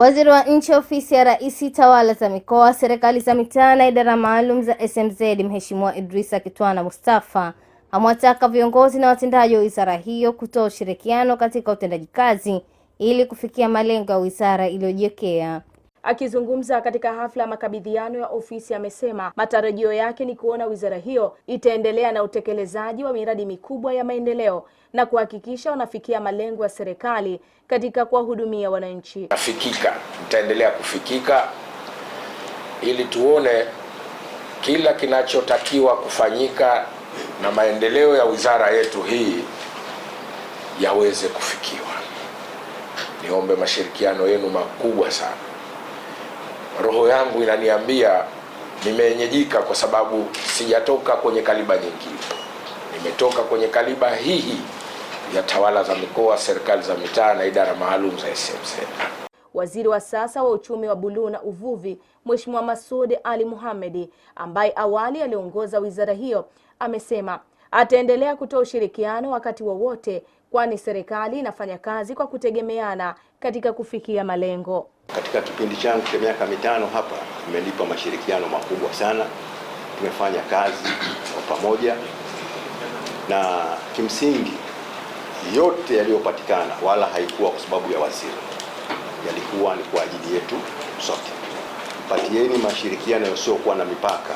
Waziri wa Nchi, Ofisi ya Rais, Tawala za Mikoa, Serikali za Mitaa na Idara Maalum za SMZ, Mheshimiwa Idrisa Kitwana Mustafa amewataka viongozi na watendaji wa wizara hiyo kutoa ushirikiano katika utendaji kazi ili kufikia malengo ya wizara iliyojiwekea. Akizungumza katika hafla ya makabidhiano ya ofisi, amesema matarajio yake ni kuona wizara hiyo itaendelea na utekelezaji wa miradi mikubwa ya maendeleo na kuhakikisha wanafikia malengo ya serikali katika kuwahudumia wananchi. Nafikika, itaendelea kufikika ili tuone kila kinachotakiwa kufanyika na maendeleo ya wizara yetu hii yaweze kufikiwa. Niombe mashirikiano yenu makubwa sana roho yangu inaniambia nimeenyejika, kwa sababu sijatoka kwenye kaliba nyingine, nimetoka kwenye kaliba hii ya tawala za mikoa, serikali za mitaa na idara maalum za SMC. Waziri wa sasa wa uchumi wa buluu na uvuvi, Mheshimiwa masud Ali muhamedi ambaye awali aliongoza wizara hiyo, amesema ataendelea kutoa ushirikiano wakati wowote wa kwani serikali inafanya kazi kwa kutegemeana katika kufikia malengo. Katika kipindi changu cha miaka mitano hapa, tumelipa mashirikiano makubwa sana. Tumefanya kazi kwa pamoja na kimsingi yote yaliyopatikana wala haikuwa kwa sababu ya waziri, yalikuwa ni kwa ajili yetu sote. Patieni mashirikiano yasiyokuwa na mipaka,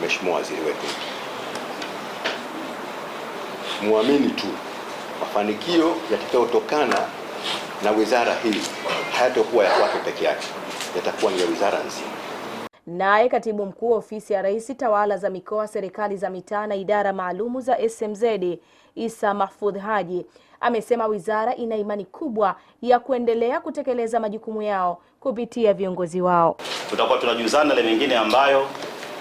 Mheshimiwa Waziri wetu muamini tu, mafanikio yatakayotokana na wizara hii hayatakuwa ya kwake peke yake, yatakuwa ni ya wizara nzima. Naye katibu mkuu ofisi ya Rais, tawala za mikoa, serikali za mitaa na idara maalumu za SMZ Isa Mahfudh Haji amesema wizara ina imani kubwa ya kuendelea kutekeleza majukumu yao kupitia viongozi wao. Tutakuwa tunajuzana yale mengine ambayo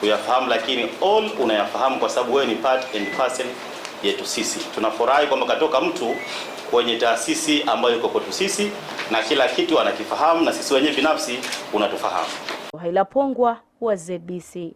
huyafahamu, lakini all unayafahamu kwa sababu wewe ni part and parcel yetu sisi. Tunafurahi kwamba katoka mtu kwenye taasisi ambayo iko kwetu sisi na kila kitu anakifahamu na sisi wenyewe binafsi unatufahamu. Haila Pongwa wa ZBC.